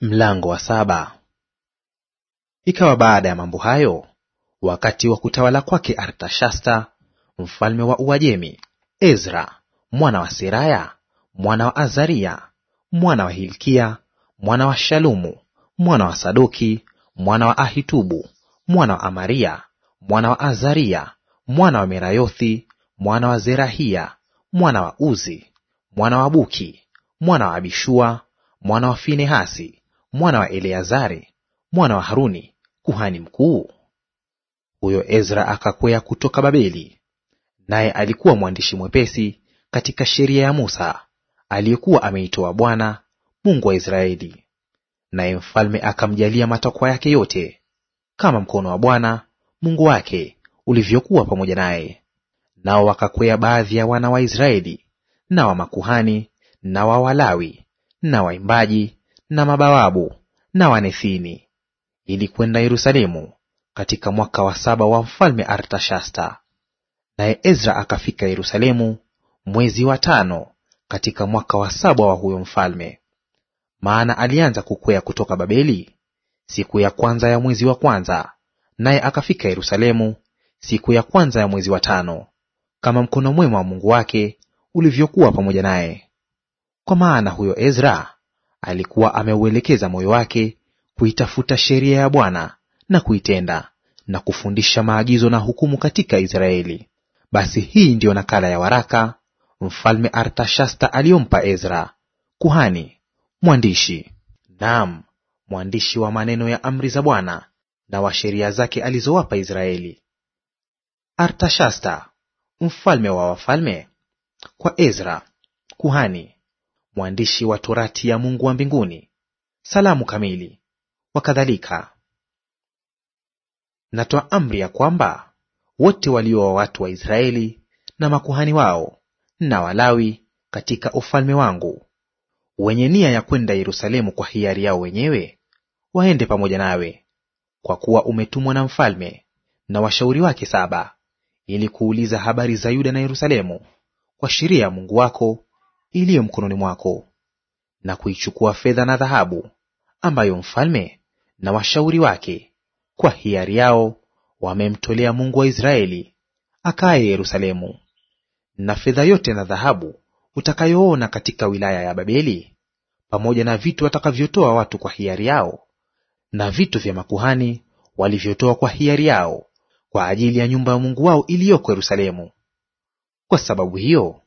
Mlango wa saba. Ikawa baada ya mambo hayo, wakati wa kutawala kwake Artashasta mfalme wa Uajemi, Ezra mwana wa Seraya mwana wa Azaria mwana wa Hilkia mwana wa Shalumu mwana wa Sadoki mwana wa Ahitubu mwana wa Amaria mwana wa Azaria mwana wa Merayothi mwana wa Zerahia mwana wa Uzi mwana wa Buki mwana wa Abishua mwana wa Finehasi mwana wa Eleazari mwana wa Haruni kuhani mkuu? Huyo Ezra akakwea kutoka Babeli, naye alikuwa mwandishi mwepesi katika sheria ya Musa aliyekuwa ameitoa Bwana Mungu wa Israeli. Naye mfalme akamjalia matakwa yake yote, kama mkono wa Bwana Mungu wake ulivyokuwa pamoja naye. Nao wakakwea baadhi ya wana wa Israeli na wa makuhani na wa Walawi na waimbaji na mabawabu na wanethini, ili kwenda Yerusalemu katika mwaka wa saba wa mfalme Artashasta. Naye Ezra akafika Yerusalemu mwezi wa tano katika mwaka wa saba wa huyo mfalme, maana alianza kukwea kutoka Babeli siku ya kwanza ya mwezi wa kwanza, naye akafika Yerusalemu siku ya kwanza ya mwezi wa tano, kama mkono mwema wa Mungu wake ulivyokuwa pamoja naye. Kwa maana huyo Ezra alikuwa ameuelekeza moyo wake kuitafuta sheria ya Bwana na kuitenda na kufundisha maagizo na hukumu katika Israeli. Basi hii ndiyo nakala ya waraka mfalme Artashasta aliyompa Ezra kuhani mwandishi, naam mwandishi wa maneno ya amri za Bwana na wa sheria zake alizowapa Israeli. Artashasta mfalme wa wafalme, kwa Ezra kuhani mwandishi wa torati ya Mungu wa mbinguni, salamu kamili. Wakadhalika natoa amri ya kwamba wote walio wa watu wa Israeli na makuhani wao na Walawi katika ufalme wangu wenye nia ya kwenda Yerusalemu kwa hiari yao wenyewe waende pamoja nawe, kwa kuwa umetumwa na mfalme na washauri wake saba ili kuuliza habari za Yuda na Yerusalemu kwa sheria ya Mungu wako iliyo mkononi mwako, na kuichukua fedha na dhahabu, ambayo mfalme na washauri wake kwa hiari yao wamemtolea Mungu wa Israeli akaye Yerusalemu. Na fedha yote na dhahabu utakayoona katika wilaya ya Babeli, pamoja na vitu watakavyotoa watu kwa hiari yao, na vitu vya makuhani walivyotoa kwa hiari yao kwa ajili ya nyumba ya Mungu wao iliyoko Yerusalemu. Kwa sababu hiyo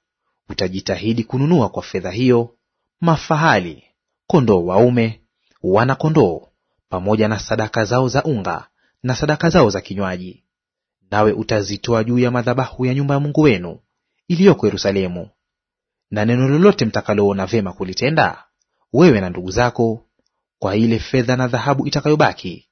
utajitahidi kununua kwa fedha hiyo mafahali, kondoo waume, wana-kondoo, pamoja na sadaka zao za unga na sadaka zao za kinywaji. Nawe utazitoa juu ya madhabahu ya nyumba ya Mungu wenu iliyoko Yerusalemu. Na neno lolote mtakaloona vema kulitenda wewe na ndugu zako, kwa ile fedha na dhahabu itakayobaki,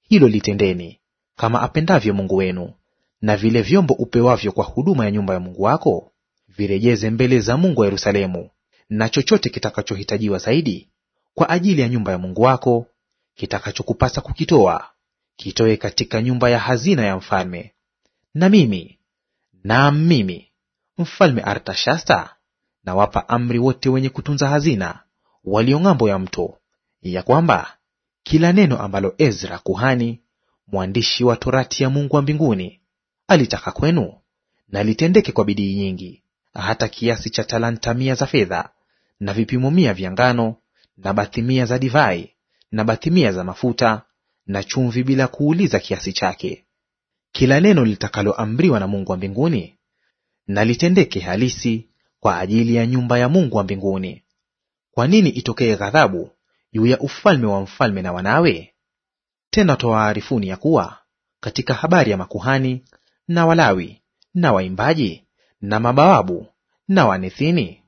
hilo litendeni kama apendavyo Mungu wenu, na vile vyombo upewavyo kwa huduma ya nyumba ya Mungu wako virejeze mbele za Mungu wa Yerusalemu, na chochote kitakachohitajiwa zaidi kwa ajili ya nyumba ya Mungu wako, kitakachokupasa kukitoa, kitoe katika nyumba ya hazina ya mfalme. Na mimi, naam mimi, mfalme Artashasta, nawapa amri wote wenye kutunza hazina walio ng'ambo ya mto, ya kwamba kila neno ambalo Ezra kuhani mwandishi wa torati ya Mungu wa mbinguni alitaka kwenu, na litendeke kwa bidii nyingi hata kiasi cha talanta mia za fedha na vipimo mia vya ngano na bathimia za divai na bathimia za mafuta na chumvi, bila kuuliza kiasi chake. Kila neno litakaloamriwa na Mungu wa mbinguni na litendeke halisi kwa ajili ya nyumba ya Mungu wa mbinguni. Kwa nini itokee ghadhabu juu ya ufalme wa mfalme na wanawe? Tena twawaarifuni ya kuwa katika habari ya makuhani na Walawi na waimbaji na mabawabu na wanethini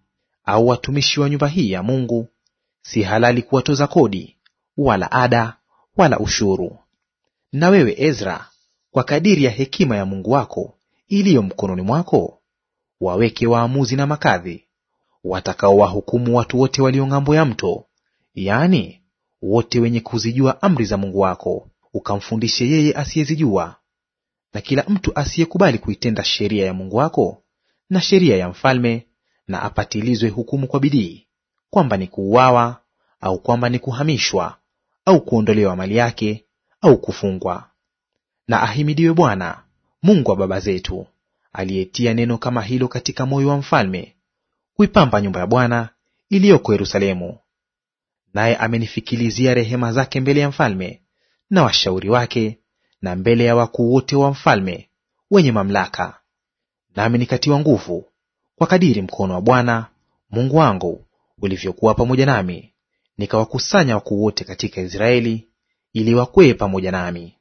au watumishi wa nyumba hii ya Mungu, si halali kuwatoza kodi wala ada wala ushuru. Na wewe Ezra, kwa kadiri ya hekima ya Mungu wako iliyo mkononi mwako, waweke waamuzi na makadhi watakaowahukumu watu wote walio ng'ambo ya mto, yaani wote wenye kuzijua amri za Mungu wako, ukamfundishe yeye asiyezijua. Na kila mtu asiyekubali kuitenda sheria ya Mungu wako na sheria ya mfalme, na apatilizwe hukumu kwa bidii, kwamba ni kuuawa au kwamba ni kuhamishwa au kuondolewa mali yake au kufungwa. Na ahimidiwe Bwana Mungu wa baba zetu, aliyetia neno kama hilo katika moyo wa mfalme, kuipamba nyumba ya Bwana iliyoko Yerusalemu. Naye amenifikilizia rehema zake mbele ya mfalme na washauri wake, na mbele ya wakuu wote wa mfalme wenye mamlaka, nami nikatiwa nguvu kwa kadiri mkono wa Bwana Mungu wangu ulivyokuwa pamoja nami, nikawakusanya wakuu wote katika Israeli ili wakwee pamoja nami.